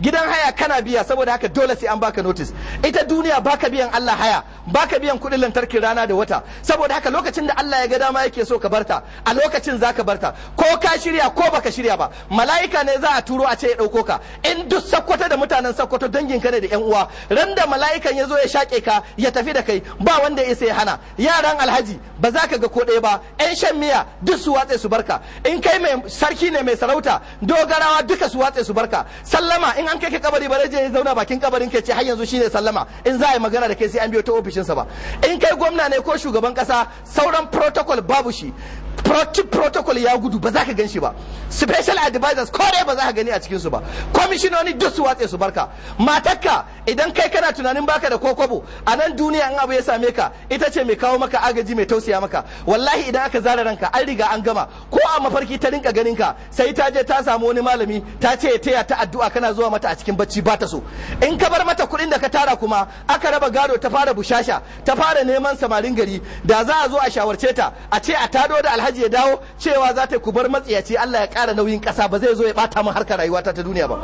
gidan haya kana biya saboda haka dole sai an baka notice ita duniya baka biyan Allah haya baka biyan kuɗin lantarki rana da wata saboda haka lokacin da Allah ya ga dama yake so ka barta a lokacin zaka barta ko ka shirya ko baka shirya ba mala'ika ne za a turo a ce ya dauko ka in duk sakkwato da mutanen sakkwato dangin ka ne da yan uwa ran da mala'ikan ya zo ya shaƙe ka ya tafi da kai ba wanda ya sai hana yaran alhaji ba za ka ga ko ɗaya ba yan shan miya duk su watse su barka in kai mai sarki ne mai sarauta dogarawa duka su watse su barka sallama in an kai ka kabari bare je ya zauna bakin kabarin ka ce har yanzu shine sallama in za a yi magana da kai sai an biyo ta ofishinsa ba in kai gwamna ne ko shugaban kasa sauran protocol babu shi protective protocol ya gudu ba za ka gan shi ba special advisors ko dai ba za ka gani a cikinsu ba kwamishinoni duk su watse su barka matakka idan kai kana tunanin baka da kokobo a nan duniya an abu ya same ka ita ce mai kawo maka agaji mai tausaya maka wallahi idan aka zara ranka an riga an gama ko a mafarki ta rinka ganin ka sai ta je ta samu wani malami ta ce ya taya ta addu'a kana zuwa mata a cikin bacci ba ta so in ka bar mata kuɗin da ka tara kuma aka raba gado ta fara bushasha ta fara neman samarin gari da za a zo a shawarce ta a ce a tado da alhaji daji ya dawo cewa za ta ku bar matsiyaci Allah ya ƙara nauyin ƙasa ba zai zo ya ɓata mu harkar rayuwata ta duniya ba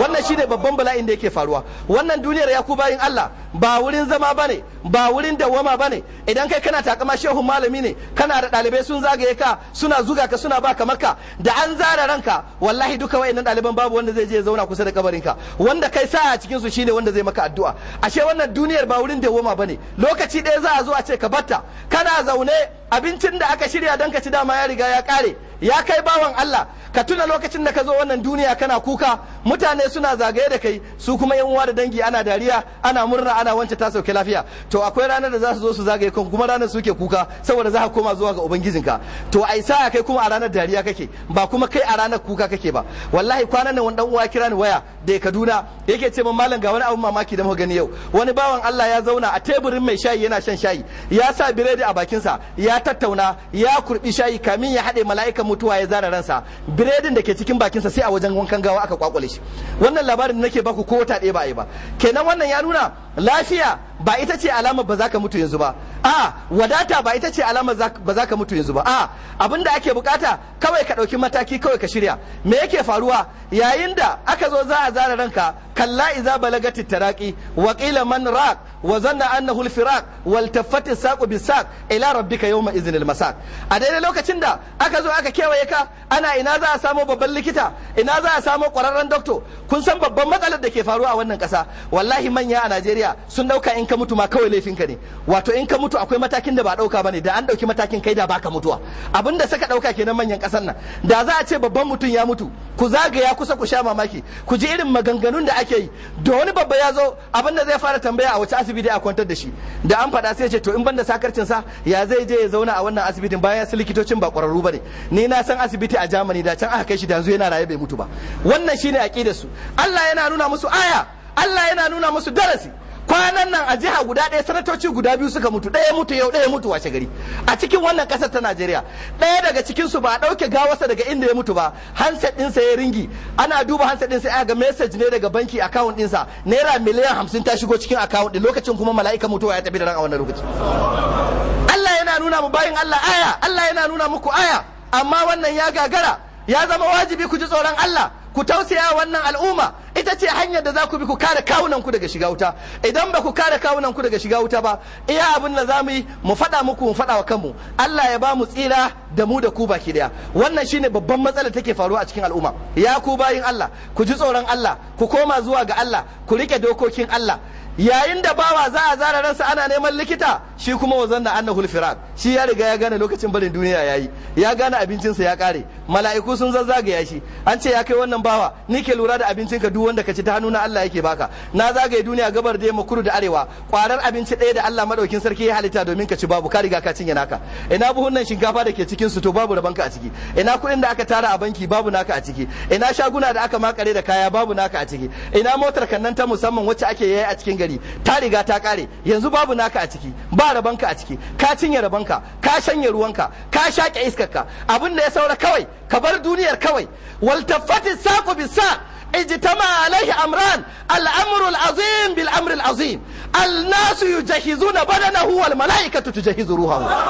wannan shine babban bala'in da yake faruwa wannan duniyar ya ku bayin Allah ba wurin zama bane ba wurin dawwama bane idan kai kana takama shehu malami ne kana da ɗalibai sun zagaye ka suna zuga ka suna baka makka da an zara ranka wallahi duka wayannan ɗaliban babu wanda zai je ya zauna kusa da kabarinka wanda kai sa a cikin su shine wanda zai maka addu'a ashe wannan duniyar ba wurin dawwama bane lokaci ɗaya za a zo a ce ka batta kana zaune abincin da aka shirya don ka ci dama ya riga ya kare ya kai bawan Allah ka tuna lokacin da ka zo wannan duniya kana kuka mutane suna zagaye da kai su kuma yan uwa da dangi ana dariya ana murna ana wance ta sauke lafiya to akwai ranar da za su zo su zagaye kan kuma ranar suke kuka saboda za ka koma zuwa ga ubangijinka to ai sa kai kuma a ranar dariya kake ba kuma kai a ranar kuka kake ba wallahi kwanan nan wani dan uwa kira ni waya da ya Kaduna yake ce min malam ga wani abu mamaki da muka gani yau wani bawan Allah ya zauna a teburin mai shayi yana shan shayi ya sa biredi a bakinsa ya tattauna ya kurbi shayi kamin ya haɗe mala'ika mutuwa ya zana ransa biredin da ke cikin bakinsa sai a wajen wankan gawa aka kwakwale shi wannan labarin da nake baku ko wata ɗaya ba a yi ba kenan wannan ya nuna lafiya ba ita ce alamar ba za ka mutu yanzu ba a wadata ba ita ce alama ba za ka mutu yanzu ba a abin da ake bukata kawai ka ɗauki mataki kawai ka shirya me yake faruwa yayin da aka zo za a zara ranka kalla iza balaga tattaraki wa qila man raq wa zanna annahu al firaq wal taffati saqu bisaq ila rabbika yawma izinin masaq a daidai lokacin da aka zo aka kewaye ka ana ina za a samo babban likita ina za a samo ƙwararren doctor kun san babban matsalar da ke faruwa a wannan ƙasa wallahi manya a Najeriya sun dauka in ka mutu ma kawai laifinka ne wato in ka mutu akwai matakin da ba dauka bane da an dauki matakin kai da baka mutuwa abinda saka dauka kenan manyan ƙasar nan da za a ce babban mutum ya mutu ku zagaya kusa ku sha mamaki ku ji irin maganganun da ake yi da wani babba ya zo abin da zai fara tambaya a wace asibiti a kwantar da shi da an faɗa sai ce to in banda sakarcin sa ya zai je ya zauna a wannan asibitin bayan su likitocin ba ƙwararru ne. ni na san asibiti a Germany da can aka kai shi da yanzu yana raye bai mutu ba wannan shine aqidar su Allah yana nuna musu aya Allah yana nuna musu darasi kwanan nan a jiha guda ɗaya sanatoci guda biyu suka mutu ɗaya mutu yau ɗaya mutu washe gari a cikin wannan ƙasar ta Najeriya ɗaya daga cikin su ba a ɗauke gawarsa daga inda ya mutu ba handset ɗinsa ya ringi ana duba handset ɗinsa ya ga message ne daga banki account ɗinsa naira miliyan hamsin ta shigo cikin account ɗin lokacin kuma mala'ika mutuwa ya tafi da ran a wannan lokaci Allah yana nuna mu bayin Allah aya Allah yana nuna muku aya amma wannan ya gagara ya zama wajibi ku ji tsoron Allah ku tausaya wannan al'umma ita ce hanyar da za ku bi ku kare kawunan ku daga shiga wuta idan ba ku kare kawunan ku daga shiga wuta ba iya abin da za mu yi mu faɗa muku mu faɗa wa kanmu Allah ya ba mu tsira da mu da ku baki daya wannan shine babban matsala take faruwa a cikin al'umma ya ku bayin Allah ku ji tsoron Allah ku koma zuwa ga Allah ku rike dokokin Allah yayin da bawa za a zara ransa ana neman likita shi kuma wazan da annahul Hulfira. shi ya riga ya gane lokacin barin duniya yayi ya gane abincinsa ya kare mala'iku sun zazzagaya shi an ce ya kai wannan bawa ni ke lura da abincin ka duk wanda ka ci ta hannu na Allah yake baka na zagaye duniya gabar da makuru da arewa kwarar abinci ɗaya da Allah madaukin sarki ya halitta domin ka ci babu ka riga ka cinye naka ina buhun nan shinkafa da ke cikin su to babu ka a ciki ina kuɗin da aka tara a banki babu naka a ciki ina shaguna da aka makare da kaya babu naka a ciki ina motar kannan ta musamman wacce ake yayi a cikin gari ta riga ta kare yanzu babu naka a ciki ba ka a ciki ka cinye rabon ka ka shanye ruwanka ka shaƙe ka abin da ya saura kawai كبر دوني اركوي والتفت الساق بالساق اجتمع عليه امران الامر العظيم بالامر العظيم الناس يجهزون بدنه والملائكه تجهز روحه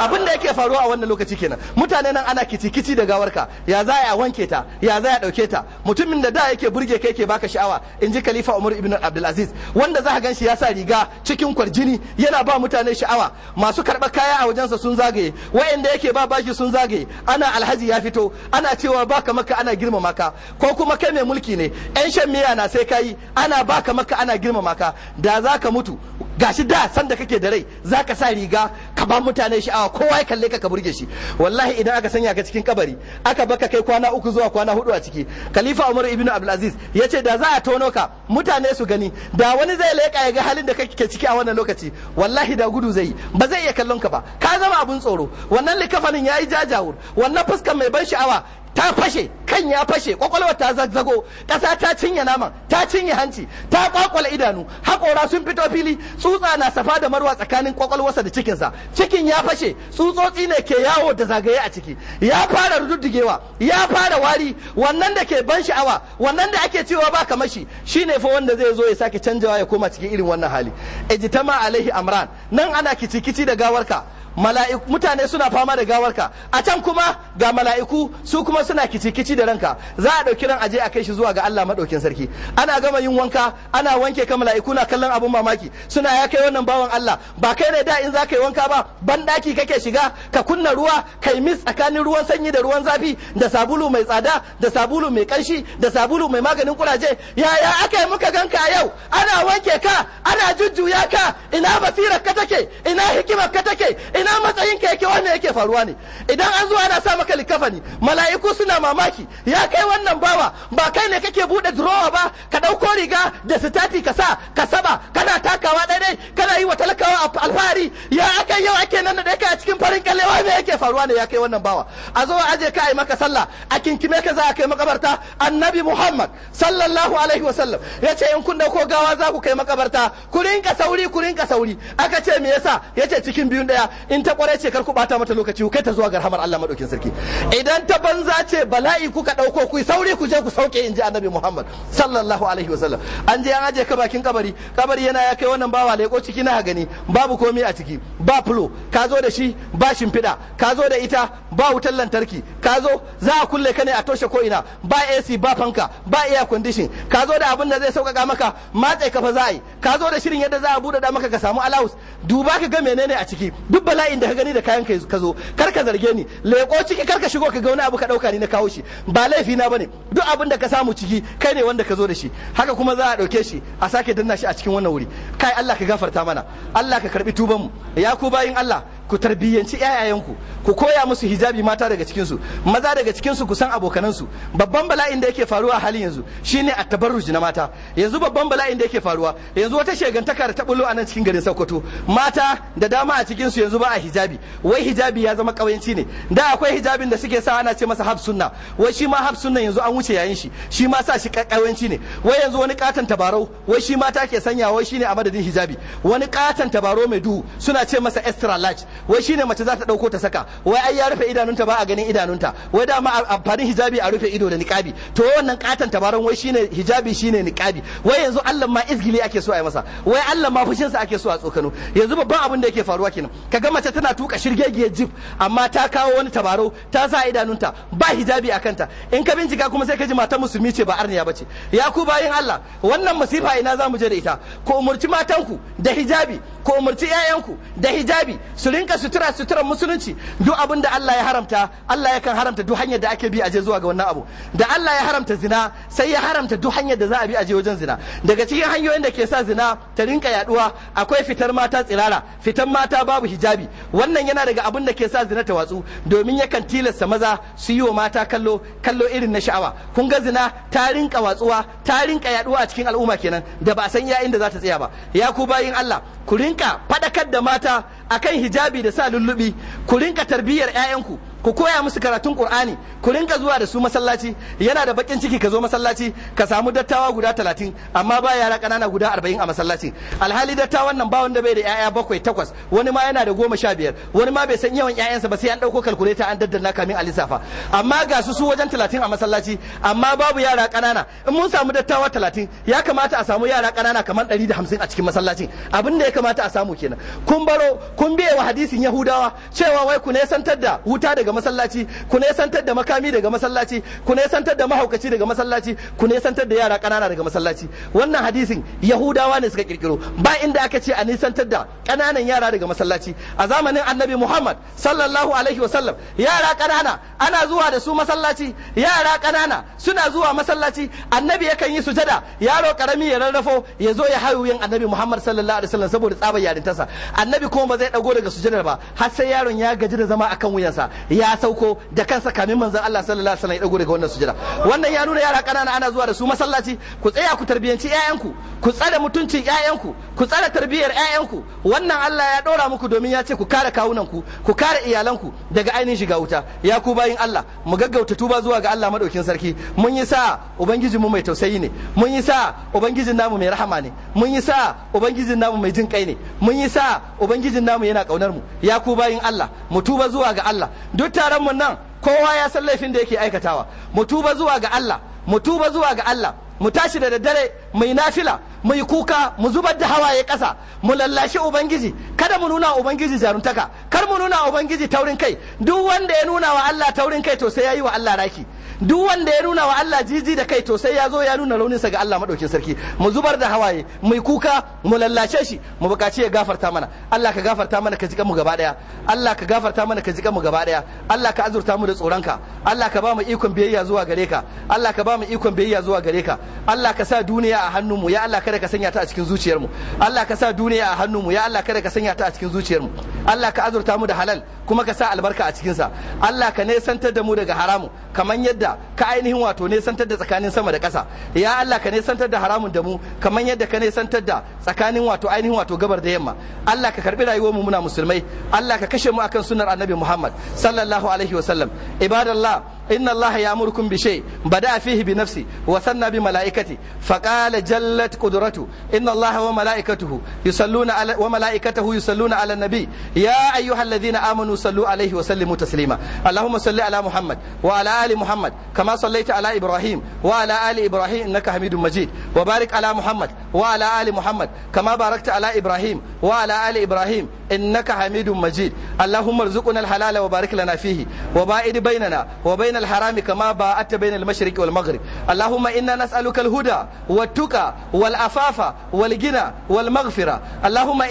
abin da yake faruwa a wannan lokaci kenan mutane nan ana kicikici da gawarka ya za ya wanke ta ya za ya dauke ta mutumin da da yake burge kai ke baka sha'awa in ji khalifa umar ibn aziz wanda za ka ganshi ya sa riga cikin kwarjini yana ba mutane sha'awa masu karbar kaya a wajensa sun zagaye wayanda yake ba bashi sun zagaye ana alhaji ya fito ana cewa baka maka ana girmama ka ko kuma kai mai mulki mulki ne yan shan miya na sai kayi ana baka maka ana girmama ka da za ka mutu gashi da sanda kake da rai za ka sa riga ka ba mutane sha'awa kowa ya kalle ka ka burge shi wallahi idan aka sanya ka cikin kabari aka baka kai kwana uku zuwa kwana hudu a ciki khalifa umar ibn Abdulaziz ya ce da za a tono ka mutane su gani da wani zai leka ya ga halin da kake ciki a wannan lokaci wallahi da gudu zai ba zai iya kallon ka ba ka zama abun tsoro wannan likafanin yayi jajawur wannan fuskar mai ban sha'awa ta fashe kan ya fashe kwakwalwar ta zazzago ƙasa ta cinye naman ta cinye hanci ta kwakwala idanu haƙora sun fito fili su tsutsa na safa da marwa tsakanin kwakwalwarsa da cikinsa cikin ya fashe tsutsotsi ne ke yawo da zagaye a ciki ya fara rududdugewa ya fara wari wannan da ke ban sha'awa wannan da ake cewa ba kamar shi shine fa wanda zai zo ya sake canjawa ya koma cikin irin wannan hali ijtama alaihi amran nan ana kici kici da gawarka mala'iku mutane suna fama da gawarka a can kuma ga mala'iku su kuma suna kici-kici da ranka za a ɗauki ran aje a kai shi zuwa ga Allah maɗaukin sarki ana gama yin wanka ana wanke ka mala'iku na kallon abun mamaki suna ya kai wannan bawan Allah ba kai ne da in za ka yi wanka ba ban ɗaki kake shiga ka kunna ruwa kai mis tsakanin ruwan sanyi da ruwan zafi da sabulu mai tsada da sabulu mai ƙanshi da sabulu mai maganin kuraje yaya aka yi muka ganka a yau ana wanke ka ana jujjuya ka ina basirar ka take ina hikimar ka take ina ina matsayin ka yake wannan yake faruwa ne idan an zo ana sa maka likafani mala'iku suna mamaki ya kai wannan bawa ba kai ne kake bude drawer ba ka dauko riga da sitati ka sa ka saba kana takawa daidai kana yi wa talakawa alfahari ya aka yau ake nan da kai a cikin farin kallewa me yake faruwa ne ya kai wannan bawa a zo aje ka ai maka sallah a kinkime ka za a kai makabarta annabi muhammad sallallahu alaihi wasallam ya ce in kun dauko gawa za ku kai makabarta ku rinka sauri ku rinka sauri aka ce me yasa ya ce cikin biyun daya in ta kwarai ce kar ku bata mata lokaci ku kai ta zuwa ga rahamar Allah madaukin sarki idan ta banza ce bala'i kuka dauko ku sauri ku je ku sauke in ji annabi Muhammad sallallahu alaihi wasallam an je an aje ka bakin kabari kabari yana ya kai wannan bawa leko ciki na gani babu komai a ciki ba fulo ka zo da shi ba shimfiɗa ka zo da ita ba wutar lantarki ka zo za a kulle ka ne a toshe ko ina ba AC ba fanka ba air condition ka zo da abin da zai sauƙaƙa maka matse kafa za a yi ka zo da shirin yadda za a buɗe maka ka samu allowance duba ka ga menene a ciki duk bala'in da ka gani da kayan ka zo kar ka zarge ni leƙo ciki kar ka shigo ka ga wani abu ka ɗauka ni na kawo shi ba laifi na bane duk abin da ka samu ciki kai ne wanda ka zo da shi haka kuma za a ɗauke shi a sake danna shi a cikin wannan wuri kai Allah ka gafarta mana Allah ka karbi tuban mu ya ku bayin Allah ku tarbiyyanci ƴaƴayenku ku koya musu hijabi mata daga cikin su maza daga cikin su ku san abokanan su babban bala'in da yake faruwa a halin yanzu shine at-tabarruj na mata yanzu babban bala'in da yake faruwa yanzu wata shegantaka da ta bullo a nan cikin garin Sokoto mata da dama a cikin su yanzu ba a hijabi wai hijabi ya zama ƙawanci ne da akwai hijabin da suke sa ana ce masa hab sunna wai shi ma hab sunna yanzu an wuce yayin shi shi ma sa shi ƙawanci ne wai yanzu wani katon tabarau wai shi ma ke sanya wai shine a madadin hijabi wani katon tabarau mai duhu suna ce masa extra large wai shine mace za ta dauko ta saka wai ai ya rufe idanunta ba a ganin idanunta wai da ma amfanin hijabi a rufe ido da niqabi to wannan katon tabarau wai shine hijabi shine niqabi wai yanzu Allah ma izgili ake so a yi masa wai Allah ma fushinsa ake so a tsokano yanzu babban abin da yake faruwa kenan kaga mace tana tuka shirgegiyar jeep amma ta kawo wani tabarau ta sa idanunta ba hijabi a kanta in ka bincika kuma sai ka ji matan musulmi ce ba arniya bace ya ku bayin Allah wannan masifa ina za mu je da ita ku umurci matanku da hijabi ku umarci 'ya'yanku da hijabi su rinka sutura suturar musulunci duk abin da Allah ya haramta Allah yakan haramta duk hanyar da ake bi aje zuwa ga wannan abu da Allah ya haramta zina sai ya haramta duk hanyar da za a bi aje wajen zina daga cikin hanyoyin da ke sa zina ta rinka yaduwa akwai fitar mata tsirara fitar mata babu hijabi wannan yana daga abin da ke sa zina ta watsu domin yakan tilasta maza su yi wa mata kallo kallo irin na sha'awa kun ga zina ta rinka watsuwa ta rinka yaduwa a cikin al'umma kenan da ba a san ya inda za ta tsaya ba ya ku bayin Allah ku rinka faɗakar da mata akan hijabi da sa lullubi ku rinka tarbiyyar 'ya'yanku ku koya musu karatun qur'ani ku rinka zuwa da su masallaci yana da bakin ciki ka zo masallaci ka samu dattawa guda talatin amma ba yara kanana guda arba'in a masallaci alhali dattawan nan ba wanda bai da yaya bakwai takwas wani ma yana da goma sha biyar wani ma bai san yawan ƴaƴansa ba sai an ɗauko kalkuleta an daddanna kamin a lissafa amma ga su su wajen talatin a masallaci amma babu yara kanana in mun samu dattawa talatin ya kamata a samu yara kanana kamar ɗari da hamsin a cikin masallacin abin da ya kamata a samu kenan kun baro kun biye wa hadisin yahudawa cewa wai ku ne santar da wuta daga daga masallaci ku nesantar da makami daga masallaci ku ne nesantar da mahaukaci daga masallaci ku ne nesantar da yara ƙanana daga masallaci wannan hadisin yahudawa ne suka kirkiro ba inda aka ce a nisantar da ƙananan yara daga masallaci a zamanin annabi muhammad sallallahu alaihi wasallam yara ƙanana ana zuwa da su masallaci yara ƙanana suna zuwa masallaci annabi yakan yi sujada yaro karami ya rarrafo ya zo ya hayo yin annabi muhammad sallallahu alaihi wasallam saboda tsabar yarintarsa annabi kuma ba zai dago daga sujada ba har sai yaron ya gaji da zama akan wuyansa ya sauko da kansa kamin manzon Allah sallallahu alaihi wasallam ya dago daga wannan sujada wannan ya nuna yara kanana ana zuwa da su masallaci ku tsaya ku tarbiyanci ƴaƴanku ku tsare mutuncin ƴaƴanku ku tsare tarbiyar ƴaƴanku wannan Allah ya dora muku domin ya ce ku kare kawunanku ku kare iyalanku daga ainihin shiga wuta ya ku bayin Allah mu gaggauta tuba zuwa ga Allah madaukin sarki mun yi sa mu mai tausayi ne mun yi sa ubangijin namu mai rahama ne mun yi sa ubangijin namu mai jin kai ne mun yi sa ubangijin namu yana kaunar mu ya ku bayin Allah mu tuba zuwa ga Allah duk duk taron mun nan kowa ya san laifin da yake aikatawa mu tuba zuwa ga Allah mu tuba zuwa ga Allah mu tashi da daddare mu yi nafila mu yi kuka mu zubar da hawaye ƙasa mu lallashi ubangiji kada mu nuna ubangiji jaruntaka kar mu nuna ubangiji taurin kai duk wanda ya nuna wa Allah taurin kai to sai yi wa Allah raki duk wanda ya nuna wa Allah jiji da kai to sai ya zo ya nuna launinsa ga Allah madaukin sarki mu zubar da hawaye mu kuka mu lallace shi mu bukaci ya gafarta mana Allah ka gafarta mana ka jika mu gaba daya Allah ka gafarta mana ka jika mu gaba daya Allah ka azurta mu da tsoronka Allah ka ba mu ikon biyayya zuwa gare ka Allah ka ba mu ikon biyayya zuwa gare ka Allah ka sa duniya a hannunmu ya Allah kada ka sanya ta a cikin zuciyarmu Allah ka sa duniya a hannunmu ya Allah kada ka sanya ta a cikin zuciyarmu Allah ka azurta mu da halal kuma ka sa albarka a cikinsa Allah ka nesantar da mu daga haramu kamar yadda ka ainihin wato nesantar da tsakanin sama da ƙasa ya Allah ka nesantar da haramun da mu kamar yadda ka nesantar da tsakanin wato ainihin wato gabar da yamma Allah ka karbi rayuwar mu muna musulmai Allah ka kashe mu akan sunnar annabi Muhammad sallallahu alaihi wasallam ibadallah إن الله يأمركم بشيء بدأ فيه بنفسه وثنى بملائكته فقال جلت قدرته إن الله وملائكته يصلون على وملائكته يصلون على النبي يا أيها الذين آمنوا صلوا عليه وسلموا تسليما اللهم صل على محمد وعلى آل محمد كما صليت على إبراهيم وعلى آل إبراهيم إنك حميد مجيد وبارك على محمد وعلى آل محمد كما باركت على إبراهيم وعلى آل إبراهيم innaka hamidun majid allahumma rzuqna alhalal wa barik lana fihi wa ba'id kama ba'at bain almashriq wal maghrib allahumma inna nas'aluka alhuda wat tuqa wal afafa wal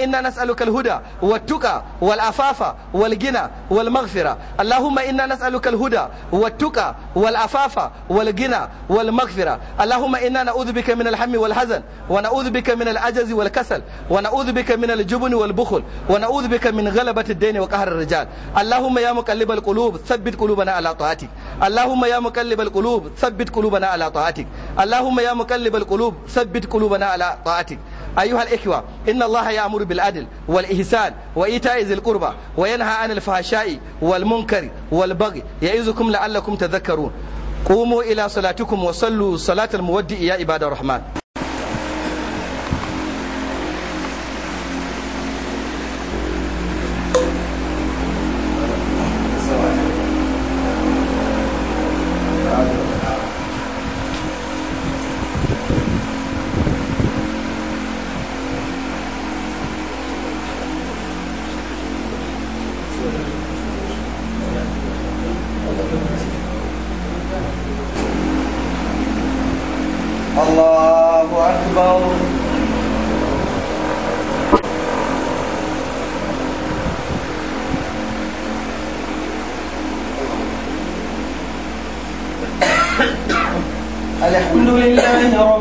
nas'aluka alhuda wat tuqa wal afafa wal ghina wal maghfira allahumma inna nas'aluka alhuda wat tuqa wal afafa wal ghina wal maghfira allahumma inna na'udhu min alhammi wal wa na'udhu bika min alajazi wal kasal wa na'udhu bika min aljubni wal bukhl wa ونعوذ بك من غلبة الدين وقهر الرجال اللهم يا مقلب القلوب ثبت قلوبنا على طاعتك اللهم يا مقلب القلوب ثبت قلوبنا على طاعتك اللهم يا مقلب القلوب ثبت قلوبنا على طاعتك أيها الإخوة إن الله يأمر بالعدل والإحسان وإيتاء ذي القربى وينهى عن الفحشاء والمنكر والبغي يعظكم لعلكم تذكرون قوموا إلى صلاتكم وصلوا صلاة المودع يا عباد الرحمن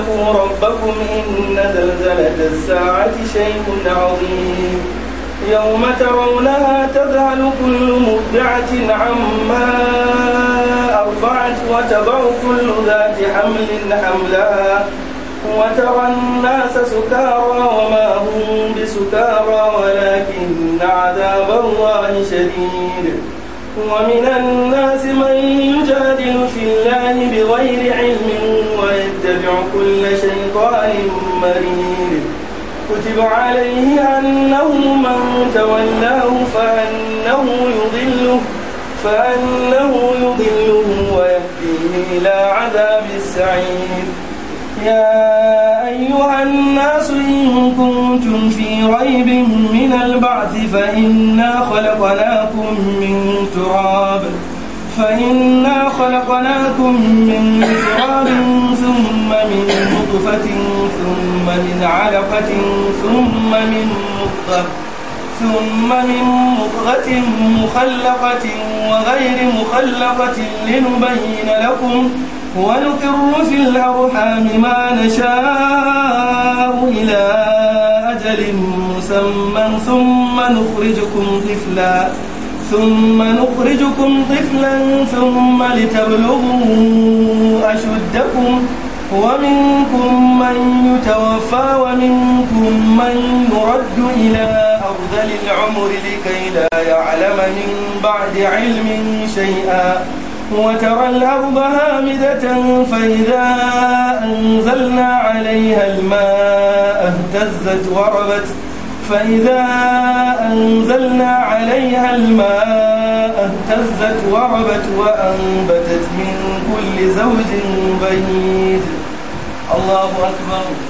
اتقوا ربكم إن زلزلة الساعة شيء عظيم يوم ترونها تذهل كل مرضعة عما أرضعت وتضع كل ذات حمل حملها وترى الناس سكارى وما هم بسكارى ولكن عذاب الله شديد ومن الناس من يجادل في الله بغير علم ويتبع كل شيطان مريد كتب عليه أنه من تولاه فأنه يضله فأنه يضله ويهديه إلى عذاب السعير يا أيها الناس إن كنتم في ريب من البعث فإنا خلقناكم من تراب فإنا خلقناكم من تراب ثم من نطفة ثم من علقة ثم من مضغة ثم من مضغة مخلقة وغير مخلقة لنبين لكم ونقر في الأرحام ما نشاء إلى أجل مسمى ثم نخرجكم طفلا ثم نخرجكم طفلا ثم لتبلغوا أشدكم ومنكم من يتوفى ومنكم من يرد إلى أرذل العمر لكي لا يعلم من بعد علم شيئا وترى الأرض هامدة فإذا أنزلنا عليها الماء اهتزت وربت فإذا أنزلنا عليها الماء اهتزت وربت وأنبتت من كل زوج بهيج الله أكبر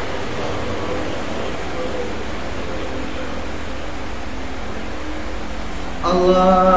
Allah